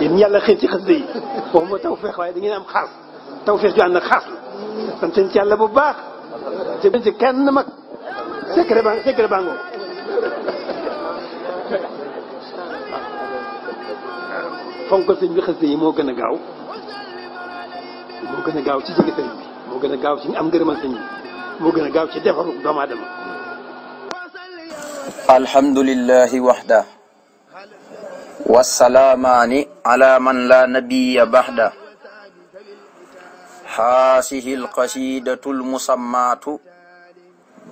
yéen yàlla xëy ci xasida yi waxuma tawfeex waaye da ngeen am xaas tawfeex ju ànd ak xaas la sant ci yàlla bu baax ci kenn mag secret ba secret ba ngoo fonkal sëñ bi xasida yi moo gën a gaaw moo gën a gaaw ci jege sëñ bi moo gën a gaaw ci am ngërëmal sëñ bi moo gën a gaaw ci defaru doomu aadama alhamdulillahi wahda والسلامان على من لا نبي بعده هذه القصيدة المسماة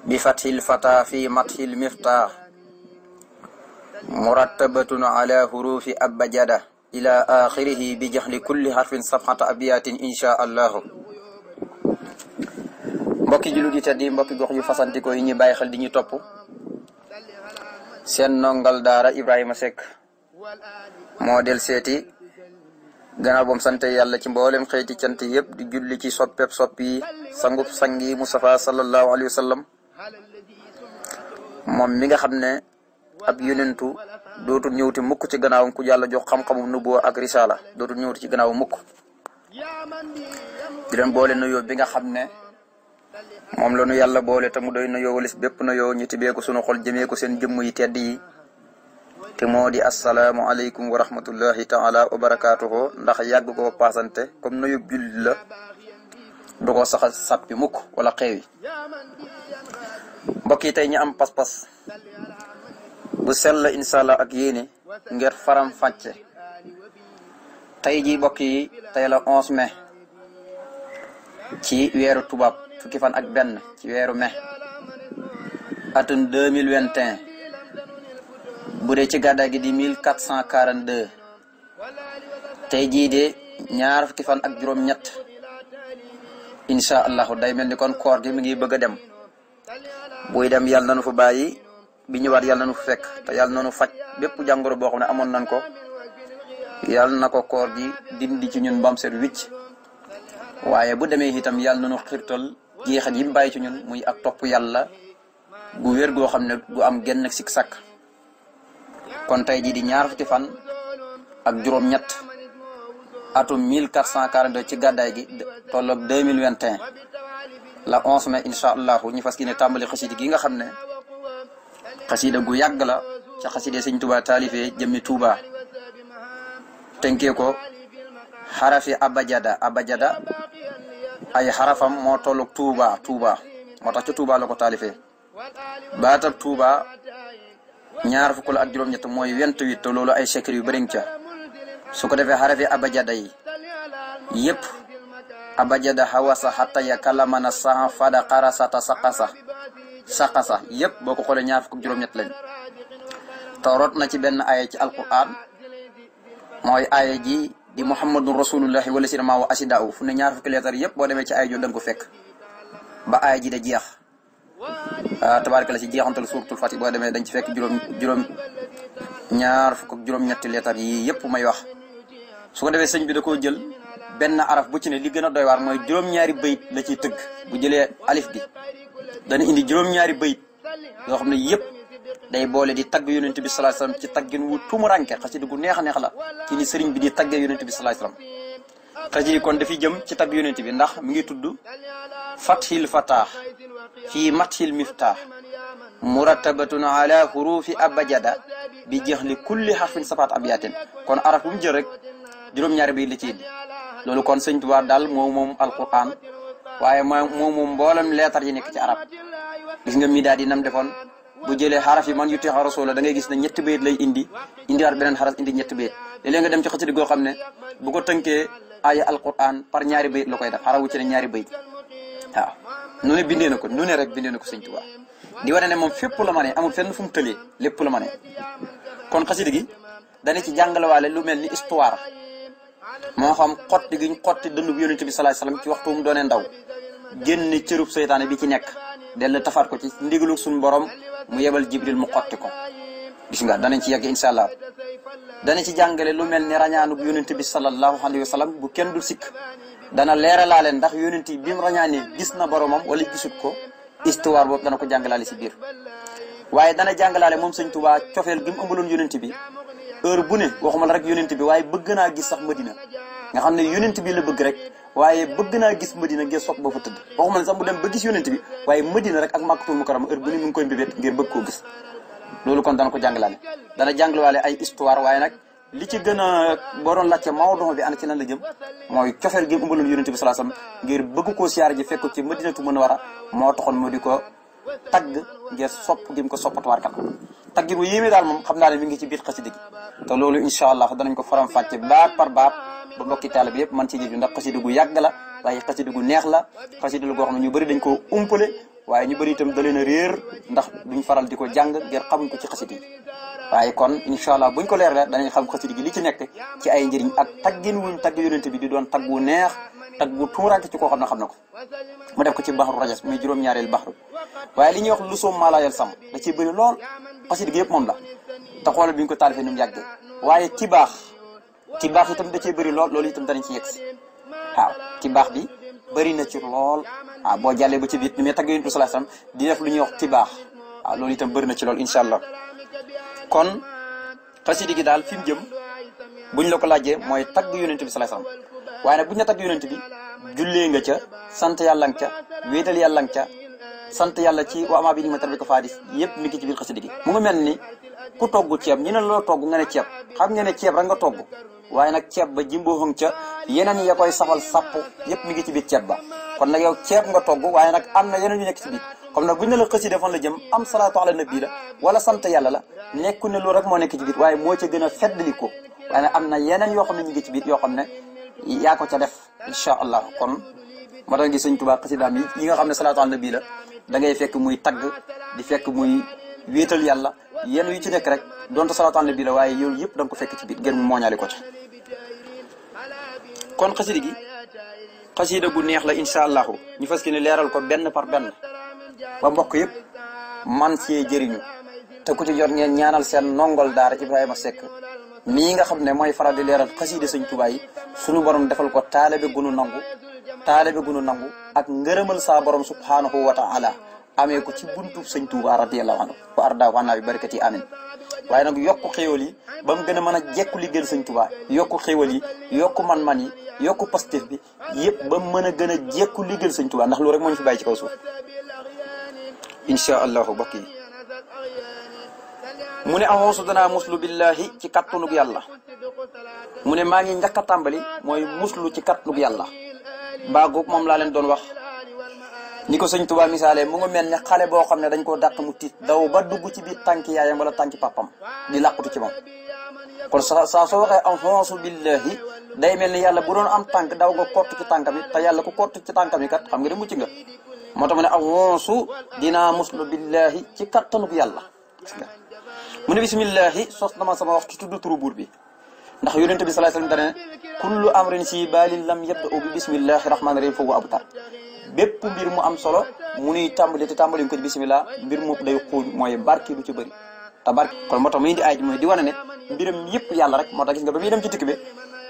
بفتح الفتى في مدح المفتاح مرتبة على حروف أبجدة إلى آخره بجحل كل حرف صفحة أبيات إن شاء الله mbokki jullit yi tedd yi mbokki gox yu fasantikoo yi ñuy bàyyi xel di ñu topp seen ndongal daara Ibrahima Seck moo del seeti gannaaw bam sante yàlla ci mboolem xeeti cant yëpp di julli ci soppeb sopp yi sangub sang yi Mustafa sallallahu alayhi wa sallam moom mi nga xam ne ab yonentu dootul ñëwti mukk ci gannaawam ku yàlla jox xam-xamu nubuwa ak risaala dootul ñëwti ci gannaawam mukk di boole nuyoo bi nga xam ne moom loonu nu yàlla boole ta mu doy nuyoo walis bépp nuyoo ñu tibbee ko sunu xol jëmee ko seen jëmm yi tedd te moo di asalaamualeykum wa rahmatullahi taala wa barakaatuhu ndax yàgg koo paasante comme nuyu jullit la du ko sax a sàppi mukk wala xeewi mbokk yi tey ñu am pas-pas bu sell incha ak yéene ngir faram fàcce tey ji mbokk yi tey la 11 ci weeru tubaab fukki fan ak benn ci weeru mai atum 2021 bu dee ci gàddaay gi di mille quatre cent quarante deux tey jii de ñaar fukki fan ak juróom-ñett incha allahu day mel ni kon koor gi mi ngi bëgg a dem buy dem yàlla nañu fa bàyyi bi ñëwaat yàlla nañu fu fekk te yàlla nañu faj bépp jàngoro boo xam ne amoon nañ ko yàlla na ko koor gi dindi ci ñun bam seet wicc waaye bu demee itam yàlla nañu xirtal jeexat yi mu bàyyi ci ñun muy ak topp yàlla gu wér goo xam ne gu am genn sik sàkk kon tey jii di ñaar fukki fan ak juróom-ñett atum 1442 ci gàddaay gi tolloog 2021 la 11 mai incha allahu ñu fas yéene tàmbali xasida gi nga xam ne xasida gu yàgg la ca xasida sëñ Tuubaa taalifee jëmmi Tuubaa tënkee ko xarafi abajada abajada ay xarafam moo tolloog Tuubaa Tuubaa moo tax ca Tuubaa la ko taalifee ñaar fukk la ak juróom-ñett mooy vingt-huit loolu ay secret yu bëriñ ca su ko defee xarafi abajada yi yépp abajada hawasa xataya kalamana saha fada xarasata saqasa saqasa yépp boo ko xoolee ñaar fukk ak juróom-ñett lañ te rot na ci benn aaya ci alquran mooy aaya ji di muhammadun rasulullahi wala sinama wa asidaw fu ne ñaar fukki leetar yépp boo demee ci aaya joo danga ko fekk ba aaya ji da jeex Ah, tabaarkalla si jeexantal suuratul Faatiha boo demee dañ ci fekk juróom ñaar fukk ak juróom-ñetti leetar yi yëpp may wax su ko defee sëñ bi da koo jël benn araf bu ci ne li gën a doy waar mooy juróom-ñaari bayit la ciy tëgg bu jëlee alif bi dana indi juróom-ñaari bayit yoo xam ne yëpp day boole di tagg yonent bi sallallahu alayhi wasallam ci taggin wu tumuranke xasida gu neex neex la ci ni sëriñ bi di taggee yonent bi sallallahu alayhi wasallam xasida kon dafiy jëm ci tagg fathil fataax fii mathil miftaax murattabatun ala hurufi abajada bi jeexli kulli xarfin safaat abiyaatin kon araf bu mu jël rek juróom-ñaari bi li ci loolu kon sëñ Tuubaa daal moo moom alquran waaye moo moom mboolem leetar yi nekk ci arab gis nga mi daal di nam defoon bu jëlee xaraf yi man yu teexa rasula da ngay gis ne ñetti bayit lay indi indiwaat beneen xaraf indi ñetti bayit léeg-léeg nga dem ci xasida goo xam ne bu ko tënkee aaya alquran par ñaari bayit la koy def xarawu ci ñaari bayit waaw nu ne bindee na ko nu ne rek bindee na ko sëñ Tuubaa di wane ne moom fépp la ma ne amul fenn fu mu lépp la ma ne kon xasida gi dana ci jàngalewaale lu mel ni histoire moo xam xotti gi ñu xotti dëndub yonente bi salaay salaam ci waxtu mu doone ndaw génn cërub seytaane bi ci nekk dellu tafaat ko ci ndigalu suñu borom mu yebal jibril mu xotti ko gis nga danañ ci yegg incha allah dana ci jàngale lu mel ni rañaanub yonente bi sallallahu alayhi wa sallam bu kenn du sikk dana leeralaale ndax yonent bi mu rañaane gis na boromam wala gisut ko histoire boobu dana ko jàngalaale si biir waaye dana jàngalaale moom sëñ Tuubaa cofeel gi mu ëmbaloon yonent bi heure bu ne waxuma la rek yonent bi waaye bëgg naa gis sax Madina nga xam ne yonent bi la bëgg rek waaye bëgg naa gis Madina ngir soog ba fa tëdd waxuma ne sax mu dem ba gis yonent bi waaye Madina rek ak Makkatul Mukarrama heure bu ne mu ngi koy mbébét ngir bëgg ko gis loolu kon dana ko jàngalaale dana jàngalaale ay histoire waaye nag li ci gën a boo doon laajte mawduu bi ana ci lan la jëm mooy cofeel gi mu ëmbaloon yonente bi salaasam ngir bëgg koo siyaar ji fekk ci madinatu munawwara moo taxoon mu di ko tagg ngir sopp gi mu ko soppatuwaar kat tagg bu yéeme daal moom xam naa ne mi ngi ci biir xasida gi te loolu incha allah danañ ko faram-fàcce baat par baat ba mbokki taalibe bi yëpp man ci jëju ndax xasida gu yàgg la waaye xasida gu neex la xasida la goo xam ñu bëri dañ koo umpale waaye ñu bëri itam da leen a réer ndax duñ faral di ko jàng ngir xamuñ ko ci xasida yi waaye kon incha allah buñ ko leerle danañ xam xasida gi li ci nekk ci ay njëriñ ak taggin wuñ tagg yonente bi di doon tag wu neex tag wu tuurante ci koo xam ne xam na ko mu def ko ci baxru rajas muy juróom-ñaareel baxru waaye li ñuy wax lusoom maalaayal sàmm da ciy bëri lool xasida gi yëpp moom la te xoolal bi ñu ko taalifee nu mu yàggee waaye ci baax ci baax itam da cee bëri lool loolu itam danañ ci yegg si waaw ci baax bi bëri na ci lool waaw boo jàllee ba ci biit ni muy tagg yonente bi sallallahu alayhi di def lu ñuy wax ci baax waaw loolu itam bëri na ci lool incha allah kon xasida gi daal fi mu jëm buñ la ko laajee mooy tagg yonent bi salaay salaam waaye nag buñ la tagg yonent bi jullee nga ca sant yàlla nga ca wéetal yàlla nga ca sant yàlla ci wa amaa bi ni ma tarbi ko faadis yëpp mi ngi ci biir xasida gi mu ngi mel ni ku togg ceeb ñu ne la togg nga ne ceeb xam nga ne ceeb rek nga togg waaye nag ceeb ba jimbooxam ca yeneen ya koy safal sàpp yëpp mi ngi ci biir ceeb ba kon nag yow ceeb nga togg waaye nag am na yeneen yu nekk ci biir xam na buñ ne la xasida fan la jëm am salaatu ala nabi la wala sant yàlla la nekku ne loolu rek moo nekk ci biir waaye moo ci gën a feddali ko waaye am na yeneen yoo xam ne ñu ngi ci biir yoo xam ne yaa ko ca def incha allah kon ma gis sëñ Tuubaa xasidaam yi yi nga xam ne salaatu ala nabi la da fekk muy tagg di fekk muy wéetal yàlla yenn yu ci nekk rek donte salaatu ala nabi la waaye yow yëpp da ko fekk ci biir ngeen mooñaale ko ci kon xasida gi xasida gu neex la incha allahu ñu fas ne leeral ko benn par benn ba mbokk yëpp man cee jëriñu te ku ci jot ngeen ñaanal seen nongol daara Ibrahima Seck mii nga xam ne mooy faral di leeral xasida sëñ Tuubaa yi sunu borom defal ko taalibe gunu nangu taalibe gunu nangu ak ngërëmal saa borom subhaanahu wa taala amee ko ci buntu sëñ Tuubaa radiyallahu anhu wa arda wanaa bi barakati amin waaye nag yokku xéwal yi ba mu gën a mën a jekku liggéeyal sëñ Tuubaa yokku xéwal yi yokku man-man yi yokku pastif bi yëpp ba mu mën a gën a jekku liggéeyal sëñ Tuubaa ndax loolu rek moo ñu fi bàyyi ci kaw suuf incha allahu bokk yi mu ne am axoosu danaa muslu billahi ci kattanug yàlla mu ne maa ngi njëkk a tàmbali mooy muslu ci kattanug yàlla baagoog moom laa leen doon wax ni ko sëñ Tuubaa misaalee mu ngi mel ne xale boo xam ne dañ koo dàq mu tiit daw ba dugg ci biir tànki yaayam wala tànki papam di làqutu ci moom kon sa saa soo waxee axoosu billahi day mel ni yàlla bu doon am tànk daw nga kott ci tànkam yi te yàlla ku kott ci tànkam yi kat xam nga de mucc nga moo tax mu a awoosu dinaa muslu billahi ci kattanug yàlla mu ne bismillahi sos na ma sama wax ci tudd turu buur bi ndax yonente bi sallallahu alayhi wasallam dane kullu amrin si baalin lam yabda'u bi bismillahi rahmaani rahim fa huwa abtar bépp mbir mu am solo mu nuy tàmbali te tàmbali ñu ko ci bismillah mbir mu day xuuj mooy barke du ci bëri ta barke kon moo tax muy indi aaj mooy di wane ne mbiram yëpp yàlla rek moo tax gis nga ba muy dem ci tukki bi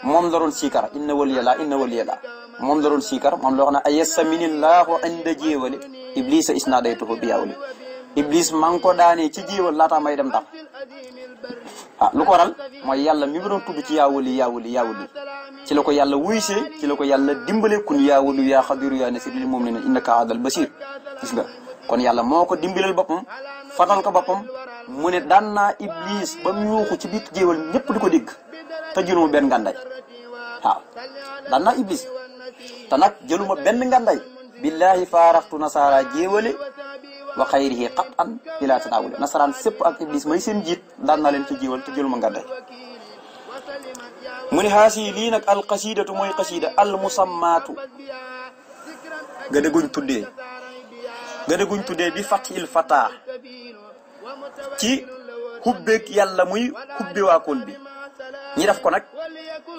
moom la doon siikar inna waliya laa inna waliya laa moom la doon siikar moom la wax ne ayastaminillaahu inda jéewali iblisa isnaadaytuhu bi yaawli iblis maa ngi ko daanee ci jéewal laataa may dem tam ah lu ko waral mooy yàlla mi mu doon tudd ci yaawali yaawali yaawali ci la ko yàlla wuysee ci la ko yàlla dimbale kun yaawalu yaa xadiru yaa nasir li moom ne ne innaka adal basir gis kon yàlla moo ko dimbaleel boppam fatal boppam mu ne iblis ba mu ci biir jéewal ñëpp di ko dégg te jëluma benn nganday waaw daan iblis te nag jëluma benn nganday billahi faaraxtu nasaara jéewale wa xayrihi qat an bila tanaawule nasaraan sépp ak iblis may seen jiit daan leen ci jéewal te jëluma nganday mu ni xaasi lii nag al qasidatu mooy qasida al musammaatu ga dëgguñ tuddee ga dëgguñ tuddee bi fatil fataa ci xubbeeg yàlla muy xubbi waakoon bi ñi def ko nag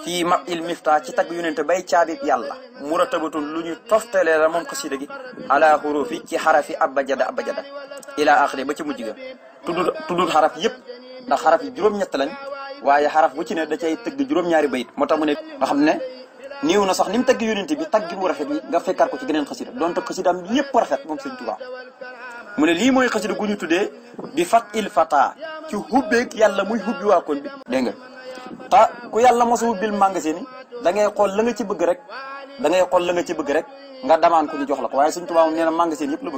fii mab il mifta ci tagg yonente bay caabib yàlla muratabatun lu ñu toftalee la moom xasida gi ala xurufi ci xarafi abajada abajada ila axiri ba ci mujj ga tuddul tuddul xaraf yëpp ndax xaraf yi juróom-ñett lañ waaye xaraf bu ci ne da cay tëgg juróom-ñaari bayit moo tax mu ne nga xam ne niiw na sax ni mu tagg yonente bi tagg mu rafet yi nga fekkaat ko ci geneen xasida donte xasidaam yëpp rafet moom sëñ Tuubaa mu ne lii mooy xasida gu ñu tuddee bi fat il fata ci hubbeeg yàlla muy hubbi waa kon bi dégg nga te ku yàlla mosu ubbil magasin da ngay xool la nga ci bëgg rek da ngay xool la nga ci bëgg rek nga damaan ko ñu jox la ko waaye Sëñ Tuubaa moom nee na magasin la bëgg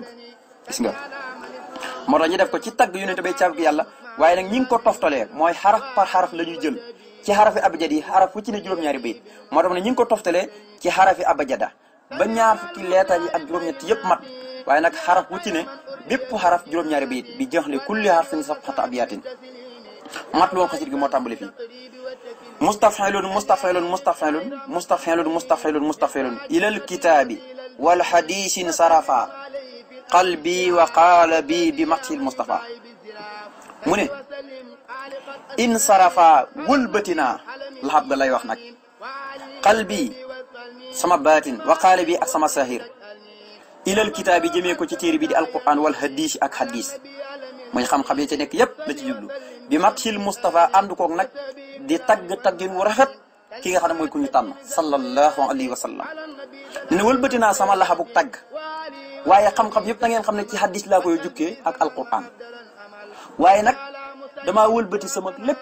gis nga. moo tax ñu def ko ci tagg yonent bay caabi yàlla waaye nag ñi ngi ko toftalee mooy xaraf par xaraf la ñuy jël ci xarafi abjad yi xaraf fu ci ne juróom moo tax ne ñi ngi ko toftalee ci xarafi abjada ba ñaar fukki leetaan yi ak juróom-ñett yëpp mat waaye nag xaraf wu ci ne bépp xaraf juróom-ñaari bayit bi jeex suñ kulli harfin safhata abyatin mat loo xasida gi moo tàmbali fii mustafilun mustafilun mustafilun mustafilun mustafilun mustafilun ilal kitaabi wal hadiisin sarafa qalbi wa qaala bi bi maxil mustafa mu ne in sarafa wëlbatinaa laxab ga lay wax nag qalbi sama baatin wa qaala bi ak sama sahir ilal kitaabi jëmee ko ci téere bi di alquran wal hadiis ak hadiis mooy xam-xam yi ci nekk yépp la ci jublu bi mat sil Moustapha ànd koog nag di tagg taggin wu rafet ki nga xam ne mooy ku ñu tànn sallallahu alayhi wa wëlbati naa sama laxabuk tagg waaye xam-xam yëpp na ngeen xam ne ci hadis laa koy jukkee ak alquran waaye nag damaa wëlbati sama lépp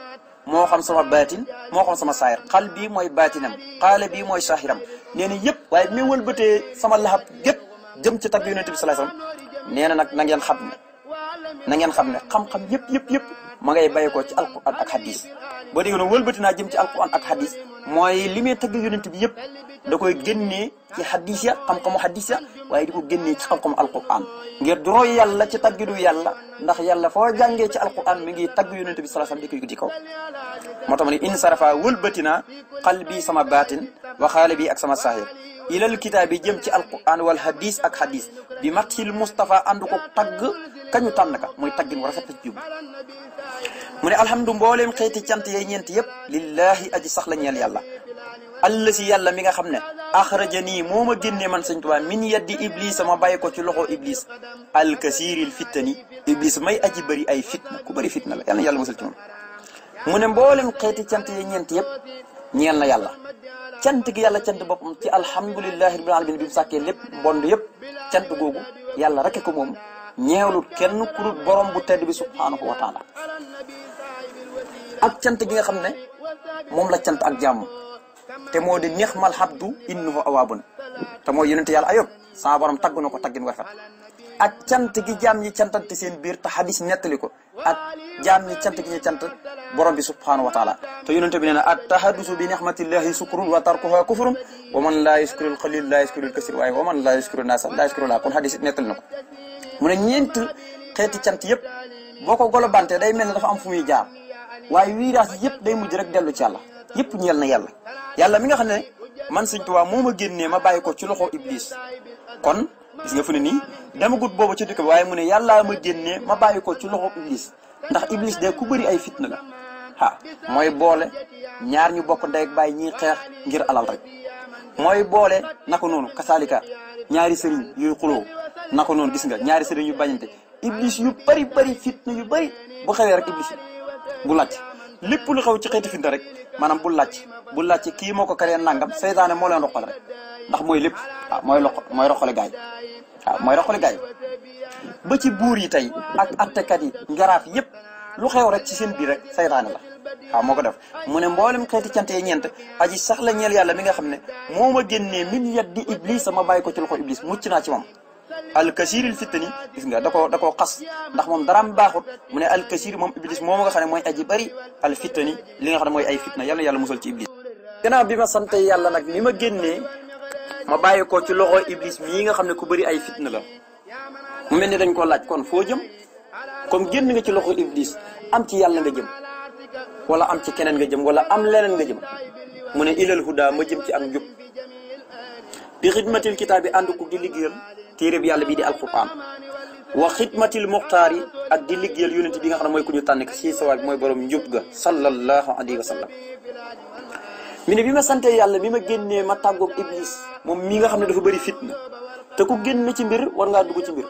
moo xam sama baatin moo xam sama saayir xal bii mooy baatinam xaale bii mooy saahiram nee na yëpp waaye mi wëlbatee sama laxab gépp jëm ci tagg yonent bi sallallahu alayhi nee na nag na ngeen xam na ngeen xam ne xam-xam yëpp yépp yëpp ma ngay bàyyi ko ci alquran ak hadis boo déggee noonu wëlbati naa jëm ci alquran ak hadis mooy li muy tagg yonent bi yëpp da koy génnee ci hadis ya xam-xamu hadis ya waaye di ko génnee ci xam-xamu alquran ngir du roy yàlla ci taggidu yàlla ndax yalla foo jàngee ci alquran mi ngi tagg yonent bi sallallahu alayhi wasallam di ko moo tax ma ne insarafa wëlbati naa qalbi sama baatin wa xaalibi ak sama saahir ilal kitaabi jëm ci alquran wal hadis ak hadis bi matil Mustafa ànd ko tagg kañu tànn ka muy taggin war a rafet jub mu ne alhamdu mboolem xeeti cant yee ñeent yëpp lillahi aji sax la ñeel yàlla alla si yàlla mi nga xam ne axraja nii moo ma génnee man sëñ Tuubaa min yaddi iblisa ma bàyyi ko ci loxo iblis alkasiiril fittani iblis may aji bëri ay fitna ku bëri fitna la yàlla na yàlla musal ci moom mu ne mboolem xeeti cant yee ñeent yëpp ñeel na yàlla cant gi yàlla cant boppam ci alhamdulillahi rabbil alamin bi mu sàkkee lépp mbond yëpp cant googu yàlla rek ko moom ñeewlut kenn ku dul borom bu tedd bi subhaanahu wa taala ak cant gi nga xam ne moom la cant ak jàmm te moo di nixmal habdu innahu awaabun te moo yonente yàlla ayob sama borom tagg na ko taggin wu rafet ak cant gi jaam ñi cantante seen biir te xadis nettali ko ak jaam ñi cant gi ñu cant borom bi subhaanahu wa taala te bi nee na at tahadusu bi nixmatillahi sukrun wa tarkuha kufrun wa man laa yashkurul qalil laa yashkurul kasir waaye laa yashkurun naasa ko mu ne ñeent xeeti cant yëpp boo ko golobantee day mel ne dafa am fu muy jaar waaye wiiraas yëpp day mujj rek dellu ci yàlla yëpp ñeel na yàlla yàlla mi nga xam ne man Sëñ Tuubaa moo ma génnee ma bàyyi ko ci loxo Iblis kon gis nga fu ne nii dama gudd boobu ci dëkk bi waaye mu ne yàlla ma génnee ma bàyyi ko ci loxo Iblis ndax Iblis de ku bëri ay fitna la ah mooy boole ñaar ñu bokk ndey ak baay ñiy xeex ngir alal rek mooy boole nako noonu kasaalika ñaari sëriñ yuy xuloo nako noonu gis nga ñaari sëriñ yu bañante iblis yu bari bari fitna yu bari bu xewee rek iblis bu laaj lépp lu xew ci xeeti fitna rek maanaam bu laaj bu laaj kii moo ko karee nangam seytaane moo leen roqale rek ndax mooy lépp waaw mooy loq mooy gaay mooy roqale gaay ba ci buur yi tey ak attekat yi ngaraaf yépp lu xew rek ci seen biir rek seytaane la waaw ah, moo ko def mu ne mboolem xeeti cante yi ñeent aji sax la ñeel yàlla mi nga xam ne moo ma génnee min yaddi iblis sama bàyyi ko ci loxo iblis mucc naa ci moom alkasiril fitani gis nga da koo da koo xas ndax moom daraam baaxut mu ne alkasir moom iblis moom nga xam ne mooy aji bari al fitani li nga xam ne mooy ay fitna yàlla yàlla musal ci iblis gannaaw bi ma sant yàlla nag mi ma génnee ma bàyyi ko ci loxo iblis mii nga xam ne ku bari ay fitna la mu mel ni dañ ko laaj kon foo jëm comme génn nga ci loxo iblis am ci yàlla nga jëm wala am ci keneen nga jëm wala am leneen nga jëm mu ne ilal huda ma jëm ci ak njub bi xidmatil kitaab bi ànd ku di liggéeyal téereb yàlla bii di alquran wa xidmatil muxtaar yi ak di liggéeyal yonent bi nga xam ne mooy ku ñu tànn si sawaay bi mooy borom njub ga sallallahu alayhi wa sallam mi ne bi ma santee yàlla bi ma génnee ma tàggoog iblis moom mi nga xam ne dafa bëri fitna te ku génn ci mbir war ngaa dugg ci mbir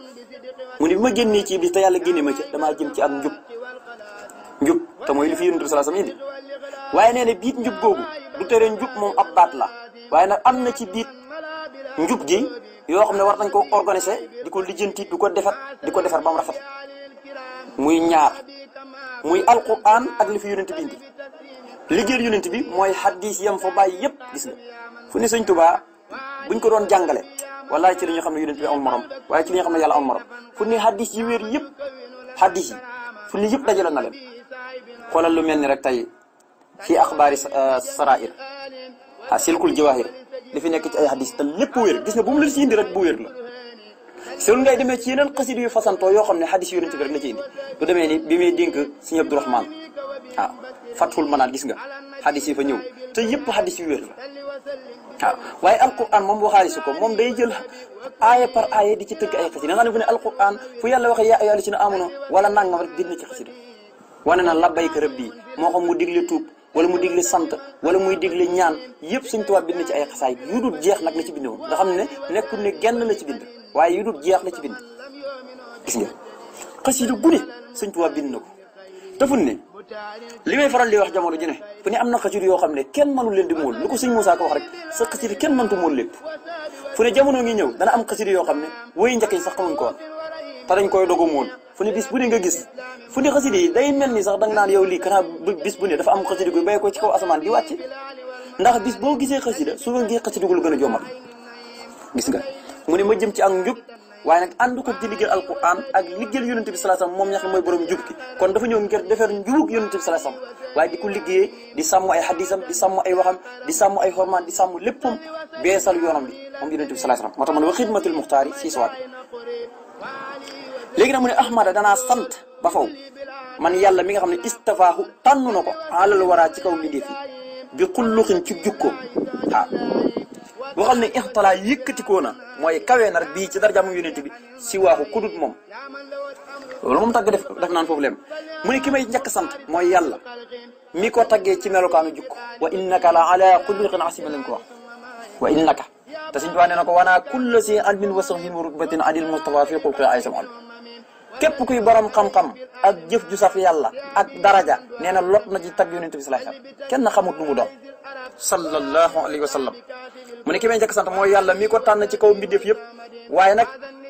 mu ne bi ma génnee ci iblis te yàlla génne ma ca damaa jëm ci ak njub njub te mooy li fi yonent bi sallallahu alayhi wasallam indi waaye nee na biit njub googu du tere njub moom ab baat la waaye nag am na ci biit njub gi yoo xam ne war nañ ko organiser di ko lijjanti di ko defar di ko defar ba mu rafet muy ñaar muy alquran ak li fi yonent bi indi liggéeyal yonent bi mooy xaddiis yam fa bàyyi yëpp gis nga fu ne sëñ Tuubaa buñ ko doon jàngale wallaay ci li ñu xam ne yonent bi amul morom waaye ci li ñu xam ne yàlla am morom fu ne xaddiis yi wér yëpp yi fu li yëpp dajaloon na leen xoolal lu mel ni rek tey fii axbaari uh, sarair ah silkul jawahir li fi nekk ci ay hadis te lépp wér gis nga bu mu la si indi rek bu wér la seen ngay demee ci yeneen xasida yu fasantoo yoo xam ne hadis ci bi rek la ci indi lu demee ni bi muy dénk sëñ Abdourahman waaw ah, fatul manaan gis nga xadis yi fa ñëw te yëpp xadis yu wér la waaw waaye alquran moom waxaale ko moom day jël aaya par aaya di ci tëgg ay xasida nga xam ne fu ne alquran fu yàlla waxee yaa ayyuhaa llaziina wala nangam rek dina ci xasida wane na labbayka rabbi moo xam mu digle tuub wala mu digle sant wala muy digle ñaan yëpp suñ tubaab bind ci ay xasaay yu dul jeex nag la ci bind woon nga xam ne nekkul ne genn la ci bind waaye yu dul jeex la ci bind gis nga xasida bu bind na ko tafun ne li may faral di wax jamono ji ne am na xasida yoo xam ne kenn mënu leen di mool lu ko sëñ Moussa ko wax rek sa xasida kenn mëntu mool lépp fu ne jamono ngi ñëw dana am xasida yoo xam ne woy njëkk yi sax xamuñ ko woon koy dogu mool fu ne bis bu ne nga gis fu ne xasida yi mel ni sax danga naan yow lii kanaa bu ne dafa am xasida gu bay ko ci kaw asamaan di wàcc ndax bis boo gisee xasida su nga ngi xasida gu la gën a jomal gis nga mu ne ma jëm ci ak njub waaye nag ànd ko di liggéeyal alquran ak liggéeyal yonente bi sallallahu alayhi wasallam moom ñax mooy borom njub ki kon dafa ñëw ngir defar njubug yonente bi sallallahu alayhi waaye di ko liggéeyee di sàmm ay xadisam di sàmm ay waxam di sàmm ay xormaan di sàmm léppam beesal yoonam bi moom yonente bi sallallahu moo tax mu ne wa xidmatul muxtaar yi sii sowaat léegi nag mu ne ahmada danaa sant ba faw man yàlla mi nga xam ne istafaahu tànn na ko alal waraa ci kaw li def yi bi xulluxin ci jukko waaw waxal ne ixtalaa yëkkatikoo na mooy kawee na rek bii ci darjaamu yonent bi si waaxu kudut moom loolu moom tàgg def def naan foofu lem mu ne ki may njëkk sant mooy yàlla mi ko taggee ci melokaanu jukk wa innaka la ala xulbiqin asiba lañ ko wax wa innaka te suñ tuwaa nee na ko waanaa si almin wa saxin wa rutbatin anil mustafa fi xulqi ay sama képp kuy borom xam-xam ak jëf ju saf yàlla ak daraja nee na lot na ci tag yonent bi sallallahu alayhi wasallam kenn xamut nu mu doon sallallahu alayhi wa sallam mu ne ki may njëkk sant mooy yàlla mi ko tànn ci kaw mbindeef yëpp waaye nag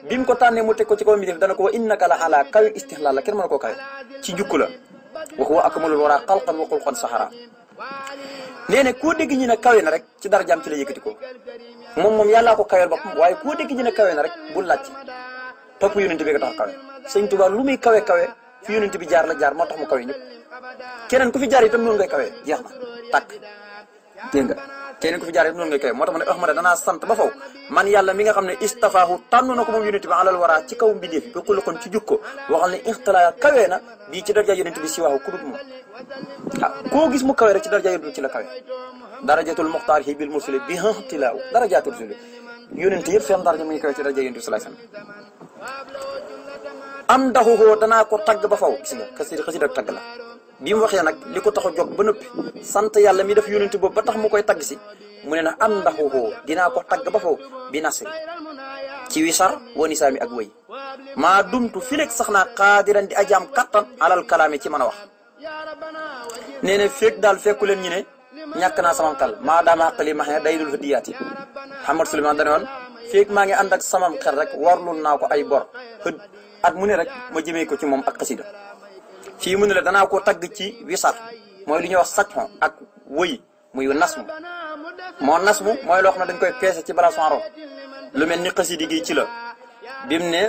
bi mu ko tànnee mu teg ko ci kaw mbindeef dana ko wa innaka la ala kawi istixlaal la kenn mën a koo kawe ci njukk la wa huwa akmalul wara xalqan wa xulqan saxara nee ne koo dégg ñi ne kaw na rek ci darajaam ci la yëkkati ko moom moom yàllaa ko kaweel boppam waaye koo dégg ñi rek bu laaj topp yonent bi nga tax kawe sëñ Tuubaa lu muy kawe kawe fi yonent bi jaar la jaar moo tax mu kawe ñëpp keneen ku fi jaar itam noonu ngay jeex na tàkk dégg nga keneen ku fi jaar ngay kawe moo tax ma ne Ahmada danaa sant ba faw man yàlla mi nga xam ne istafaahu tànn na ko moom yonent bi alal waraa ci kaw mbindeef bi ku kon ci jukko waxal ne ixtilaa kawe na bii ci darja yonent bi si waaw ku dut moom koo gis mu kawe rek ci darja yonent bi ci la kawe darajatul muxtaar hi bil mursali bi ixtilaaw darajatul suli yonent yëpp seen daraja mu ngi kawe ci daraja yonent bi salaay salaam am daxuhoo danaa ko tagg ba faw gis nga xasida xasida tagg la bi mu waxee nag li ko tax a jóg ba nëppi sant yàlla mi def yonent boobu ba tax mu koy tagg si mu ne na am ndaxuhoo dinaa ko tagg ba faw bi nasri ci wisar woni saami ak wëy maa dumtu fileeg sax naa xaadiran di ajaam kattan alal kalaami ci man a wax nee na feeg daal fekku leen ñu ne ñàkk naa samam tal maadaama xaqali max ne day dul hëddiyaati Hamad Souleymane dane woon fii maa ngi ànd ak samam xel rek warlul naa ko ay bor xëd at mu ne rek ma jëmee ko ci moom ak xasida fii mu ne la danaa ko tagg ci wisar mooy lu ñuy wax sàcc ak wëy muy nasmu moo nasmu mooy loo xam ne dañ koy peese ci balaa sonro lu mel ni xasida gi ci la bim ne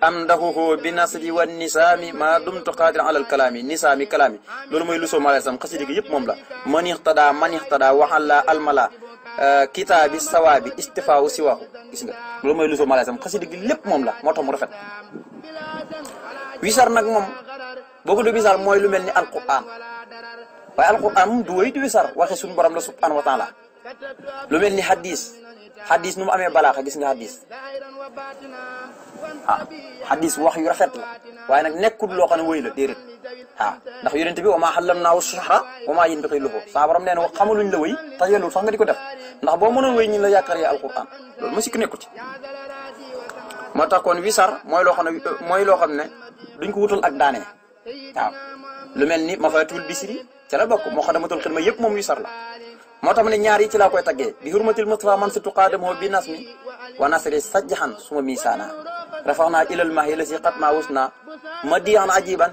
amdaxuhu bi nasri wa nisaami maa dumtu qaadir alal kalaami nisaami kalaami loolu mooy lusoo mala sam xasidi gi yëpp moom la man ixtada man ixtada waxalla almala euh, kitaabi sawaabi istifaawu siwaahu gis nga loolu moy lusoo mala sam xasidi gi lépp moom la moo tax mu rafet wisar nag moom boo ko du wisar mooy lu mel ni alquran waaye alquran moom du wéy di wisar waxe suñu borom la subhanahu wa lu mel ni hadis hadis nu mu amee balaaxa gis nga hadis waaw ah, xadis wax yu rafet la waaye nag nekkul loo xam ne la déedéet waaw ah, ndax yonente bi wa maa xallam naaw sahra wa maa yéen bi koy loxoo saa borom nee la wéy tax yellul sax nga di ko def ndax boo mënoon wéy ñi la yaakaar ya alquran loolu ma sikk nekku ci moo tax kon wisar mooy loo xam ne mooy loo xam ne duñ ko wutal ak daane waaw lu mel ni mafatul bisiri ca la bokk moo xadamatul xidma yëpp moom wisar la moo tax ma ne ñaar yi ci laa koy taggee bi hurmatil mustafa man si tuqaadam moo bi nas mi wa nasri sajjaxan suma miisaana rafax naa ilal mahi la si xat maa wus naa ma diyan ajiban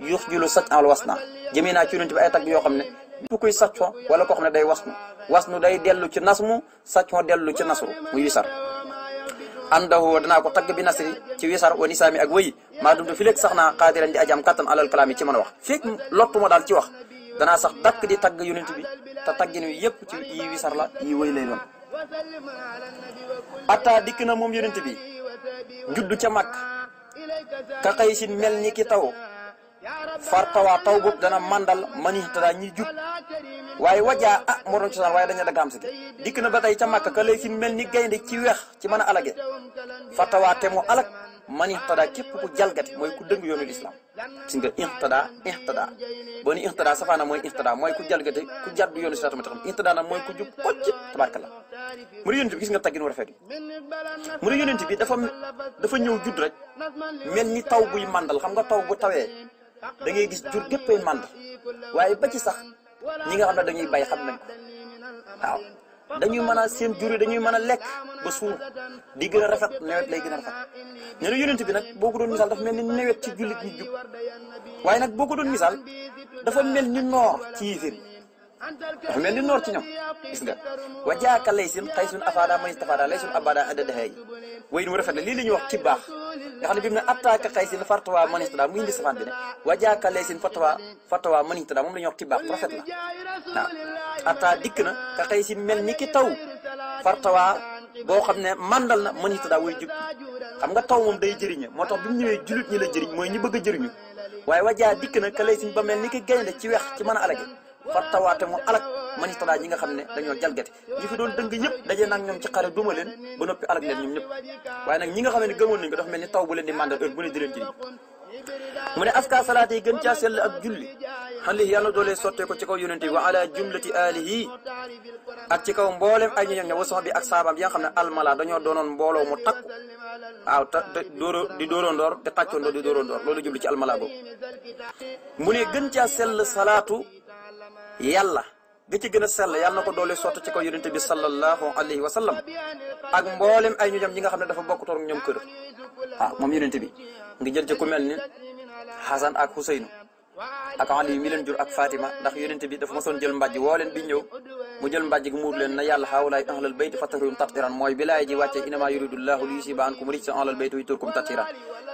yux julu saj al was naa jëmee naa ci yonent ay tagg yoo xam ne bu kuy sacco wala koo xam ne day wasnu wasnu day dellu ci nasmu sacco dellu ci nasru muy wisar andahu danaa ko tagg bi nasri ci wisar wa nisaami ak wëyi maa dum tu fi léeg sax naa xaadiran di ajaam kattan alal kalaam ci mën a wax fekk lottu ma daal ci wax danaa sax takk di tagg yonent bi te taggin wi yëpp ci yi wisar la yi wëy lay doon atta dikk na moom yonent bi judd ca mag ka xëy sin mel ni ki taw far tawaa taw boobu dana mandal mani tada ñi jub waaye wajaa ah moo doon cosaan waaye dañu daggaam si dikk na ba tey ca màkk ka lay sin mel ni gaynde ci weex ci man a alage fa tawaa te mu man ihtada képp ku jalgati mooy ku dëng yoonu lislaam gis nga ihtada ihtada boo ni ihtada safaana mooy ihtada mooy ku jalgati ku jàddu yoonu siraatu mustaqim ihtada mooy ku jub kocc tabarkalla mu bi gis nga taggin war rafet mu ne ni taw buy màndal xam nga taw bu tawee da ngay gis jur géppay màndal waaye ba ci sax ñi nga xam ne dañuy bay xam nañ ko waaw dañuy mën a seen jur yi dañuy mën a lekk ba suur di gën a rafet nawet lay gën a rafet nee na yonent bi nag boo ko doon misaal dafa mel ni nawet ci jullit ñu jub waaye nag boo ko doon misaal dafa mel ni noor ci yéeféer dafa mel ni noor ci ñoom gis nga wa jaaka lay sin xay sun afaada may tafaada lay sun abada adda daxeey way lii la ñuy wax ci baax nga xam ne bi mu ne attaque xay moom la ñuy wax ci baax dikk na ka xay sin mel ni ki taw fartawa boo xam ne mandal na manistada way jub xam nga taw moom day jëriñe moo tax bu mu ñëwee julit ñi la jëriñ mooy ñi bëgg a jëriñu waaye wajaa dikk na ka lay sin ba mel ni ki gaynde ci wex ci man a alage fattawaate mu alak man italaa ñi nga xam ne dañoo jalgate ñi fi doon dëng ñëpp dajee nag ñoom ci xare duma leen ba noppi alak leen ñoom ñëpp waaye nag ñi xam ne gëmoon nañ ni taw di mandal heure bu di leen jëriñ bi wa ala jumlati alihi ak ci kaw mboolem ay ñu ñoom ne bi ak saabaam yi xam ne almala dañoo doonoon mbooloo mu takku waaw ta dóoro di dóoróndoor di xàccoondoor di dóoróndoor loolu jubli ci almala boobu mu ne gën caa sell salaatu yàlla ga ci gën a sell yàlla na ko doole sotti ci kaw yonent bi sallallahu alayhi wa sallam ak mboolem ay ñu ñam ñi nga xam ne dafa bokk toog ñoom kër ah moom yonent bi nga jël ci ku mel ni Xasan ak Xuseynu ak Ali mi leen jur ak Fatima ndax yonent bi dafa mosoon jël mbàjj woo leen bi ñëw mu jël mbàjj gi muur leen na yàlla xaawulaay ahlal bayt fatarum tartiran mooy bilaay ji wàccee inama yuridullahu li yusiba ankum rijsa ahlal bayt wa turkum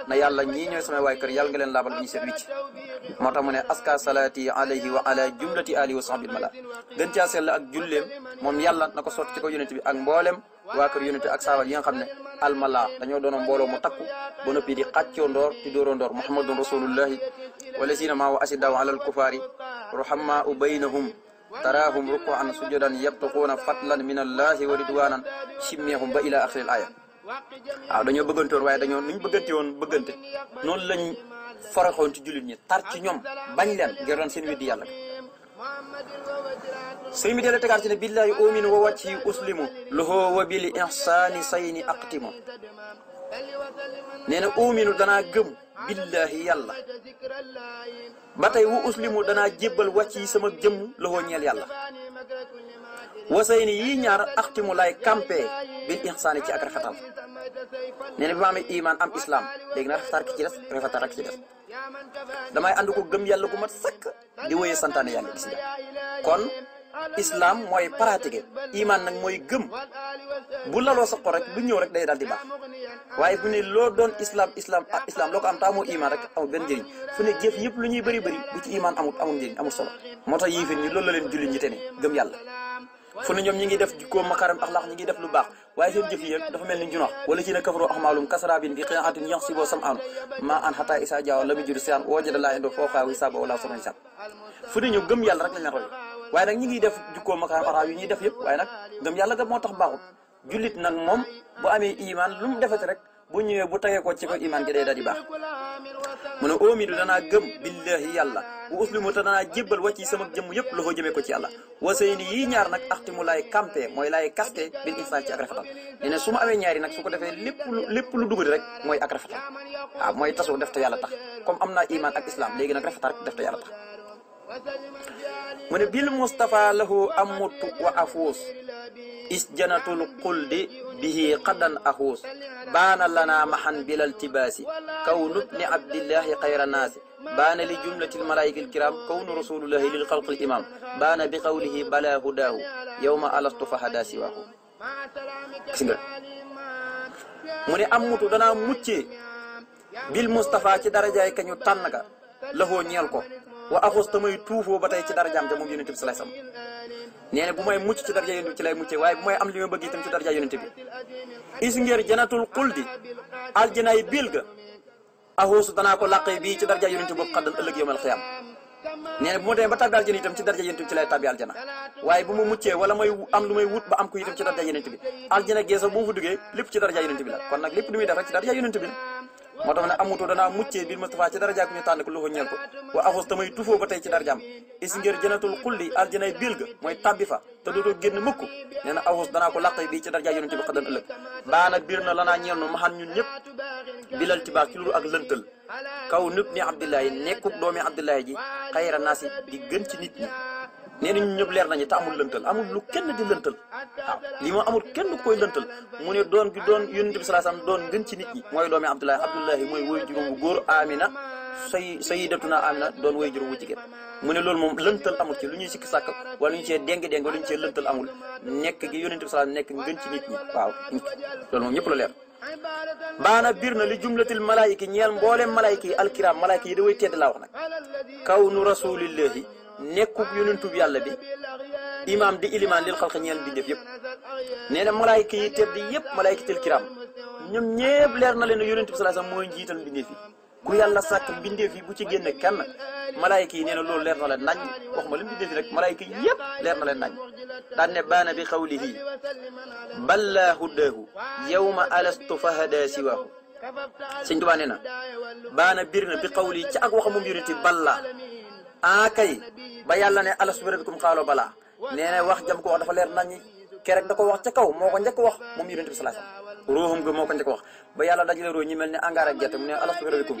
na yàlla ñii samay waay kër yàlla nga leen laabal wicc moo tax ne aska salaati alayhi wa ala jumlati ali wa sahbil mala gën ak julleem moom yàlla na ko sotti ko yonente bi ak mboolem waa kër ak saaba yi xam ne almala dañoo doono mbooloo mu takku ba noppi di xàccoo ndoor taraahum rukuan sujudan yabtuquuna fatlan min allahi wa ridwanan simmeehum ba ila axiril aya waaw dañoo bëggante woon waaye dañoo nuñ bëggante woon bëggante noonu lañ faraxoon ci jullit ñi tar ci ñoom bañ leen ngir seen weddi yàlla bi sëñ bi delloo tegaat ci ne billahi umin wa wàcci uslimu loxoo wa bili ihsaani sayni aqtimu nee na uminu danaa gëm billaahi yàlla ba tey wu uslimu danaa jébbal wàcc yi sama jëmm loxo ñeel yàlla wasay ni yii ñaar axtimu laay campé bil ihsaani ci ak rafetal nee bi ma amee iman am islam léegi na rafetal ki ci des rafetal damay ànd ko gëm yàlla ku mat sakk di wéyee santaane yàlla gis nga kon islam mooy pratiquer iman nag mooy gëm bu laloo sa xol rek bu ñëw rek day daal di baax waaye bu ne loo doon islam islam ah islam loo ko am taamu iman rek amul benn njëriñ fu ne jëf yëpp lu ñuy bëri bëri bu ci iman amul amul solo moo tax yéefar ñi loolu la leen julli ñi te ne gëm yàlla fu ne ñoom ñi ngi def jikkoo makaram axlaax ñi ngi def lu baax waaye seen jëf yi yëpp dafa mel ni junax wala ci na kafaroo axmaalum kasaraabin bi xiaatin yox si boo sam aanu waaye nag ñi ngi def jukkoo maka xaraa yu ñuy def yépp waaye nag ngëm yàlla ga moo tax baaxut jullit nag moom bu amee iman lu mu defati rek boo ñëwee bu tagee ko ci ko iman de day baax mu ne oomidu danaa gëm billahi yàlla bu uslimu te danaa jébbal wàcc sama jëmm yëpp loxo jëmee ko ci yàlla wasey ni yii ñaar nag axtimu laay campé mooy laay kaste bil insaan ci ak rafetal nee na su ma amee ñaari nag su ko defee lépp lu lépp lu dugati rek mooy ak rafetal mooy tasu def te yàlla tax comme am naa iman ak islam léegi nag rafetal rek def te yàlla mu ne bil mustafa lahu amut wa afuus isjanatul xuldi bihi qadan ahuus baana lana maxan bilal tibaasi kawnu bni abdillahi xayra naasi baana li jumlatil malaayika alkiram kawnu rasulullahi lil xalq al imam baana bi qawlihi bala hudaahu yowma alastu fahada siwaahu gis nga mu ne am mutu danaa muccee bil mustafa ci darajaay kañu tànn ka lahoo ñeel ko waa axus te may tuufoo ba tey ci darajaam te moom yonente bi salaay sam nee na bu may mucc ci daraja yonente bi ci lay muccee waaye bu may am li ma bëgg itam ci daraja bi is ngir janatul xuldi aljanaay biil ga danaa ko làqee bii ci daraja yonente boobu xaddal ëllëg yowmal xiyaam nee na bu ma ci daraja yonente bi ci lay tàbbi aljana waaye bu ma muccee wala may am lu may wut ba am ko itam ci daraja yonente bi aljana geesa bu mu duggee lépp ci daraja yonente bi la kon nag lépp lu muy def rek ci daraja yonente bi moo tax ne amutu danaa muccee bil Mustafa ci daraja ku ñu tànn ko lu ko ñeel ko wa axus tamay tufoo ba tey ci darjam is ngir jënatul xulli aljanay biil ga mooy tabbi fa te dootoo génn mukk nee na axus danaa ko laqtay bii ci darja yonente bi xadan ëllëg baana biir na lanaa ñeel nu maxan ñun ñëpp bilal tibaax ci luru ak lëntal kaw nëpp ni abdillahi nekkuk doomi abdillahi ji xayra naasi di gën ci nit ñi nee na ñun ñëpp leer nañu te amul lëntal amul lu kenn di lëntal li lii moom amul kenn du koy lëntal mu ne doon gi doon yonent bi salaasam doon gën ci nit ñi mooy doomi Abdullahi Abdullahi mooy woy juróom bu góor Amina say sayyidatuna Amina doon woy juróom bu jigéen mu ne loolu moom lëntal amul ci lu ñu sikki sakk wala lu ñu cee déng-déng wala lu ñu cee lëntal amul nekk gi yonent bi salaasam nekk gën ci nit ñi waaw loolu moom ñëpp la leer baana biir na li jumlatil malaayika ñeel mboolem malaayika yi alkiram malaayika yi da way tedd laa wax nag kaw nu rasulillahi nekkug yonentub yàlla bi imaam di ilimaan lil xalq ñeel mbindeef yëpp nee na malaayka yi tedd yëpp malaaykatil kiram ñoom ñëpp leer na leen ne yonent bi salaasam mooy njiital mbindeef yi ku yàlla sàkk mbindeef bu ci génn kenn malaayka yi nee na loolu leer na leen nañ waxuma la mbindeef yi rek malaayka yi yëpp leer na leen nañ daan ne baana bi xawlihi ballaa huddaahu yawma alastu fahadaa siwaahu sëñ Tuubaa nee na baana bir na bi xawli ci ak waxamum yonent bi ballaa ah kay ba yàlla ne alastu bi rabbikum qaalu balaa wax jam ko dafa leer naññi kerek da ko wax ca kaw moo ko njëkk wax moom yonent bi salaa salaam ruuxum ga moo ko njëkk wax ba yàlla dajale roo ñi mel ne angaar ak gerte mu ne alastu bi rabbikum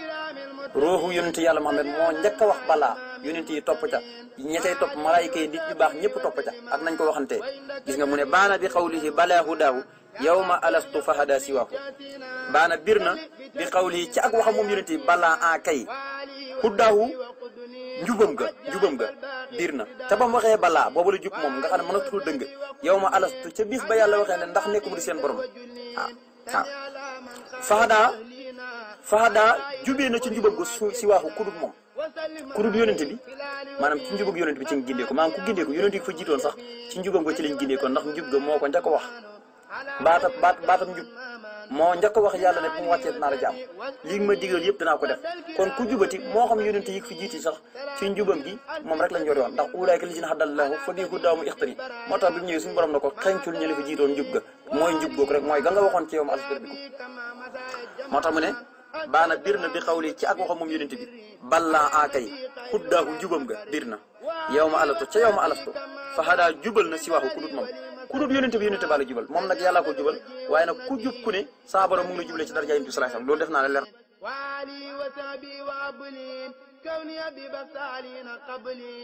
ruuxu yonent yàlla Muhammad moo njëkk wax balaa yonent yi topp ca ñettey topp malaayika yi nit ñu baax ñëpp topp ca ak nañ ko waxantee gis nga mu ne baana bi xawlihi balaa hudaahu yow ma alastu fahada siwaahu baana bir na bi xawlihi ci ak waxam moom yonent yi balaa ah kay hudaahu njubam ga njubam ga biir na te ba mu waxee balaa boobu la jub moom nga xam ne mënatul dëng yow ma alastu ca bis ba yàlla waxee ne ndax nekk di seen borom a ah, waaw faxadaa faxadaa jubee na ci njubam ga su si waaxu kudub moom kudub yonente bi maanaam ci gu yonente bi ci nga gindeeko maanaam ku gindeeko yonente bi fa jiitoon sax ci njubam ga ci lañ gindeeko ndax njub ga moo ko njëkk a wax baatab baat baatab njub moo njëkk wax yàlla ne bu mu wàccee dinaa la jàmm lii ma digal yëpp dinaa ko def kon ku jubati moo xam yonent yi fi jiiti sax ci njubam gi moom rek lañ yor yoon ndax ulaayka li si na xadallaahu fa diiku daamu ixtari moo tax bi mu ñëwee suñu borom ko xencul ñu la fi jiitoon njub ga mooy njub googu waxoon ci yow alfir bi moo tax mu ne baana bir na bi xawli ci ak waxam moom yonent bi ballaa aaka yi xuddaahu njubam ga bir na yow ma alastu ca yow ma alastu fa xadaa jubal na si waxu ku dut moom ku dul yónente bi yónente baa la jubal moom nag yàllaa ko jubal waaye nag ku jub ku ne saa borom mu ngi la jubale ci daraja yónente bi sallallahu loolu def naa la leer وعلي وسعبي وعبلي كوني أبي بس علينا قبلي